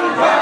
Allahu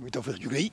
muy Tawfekh jugee yi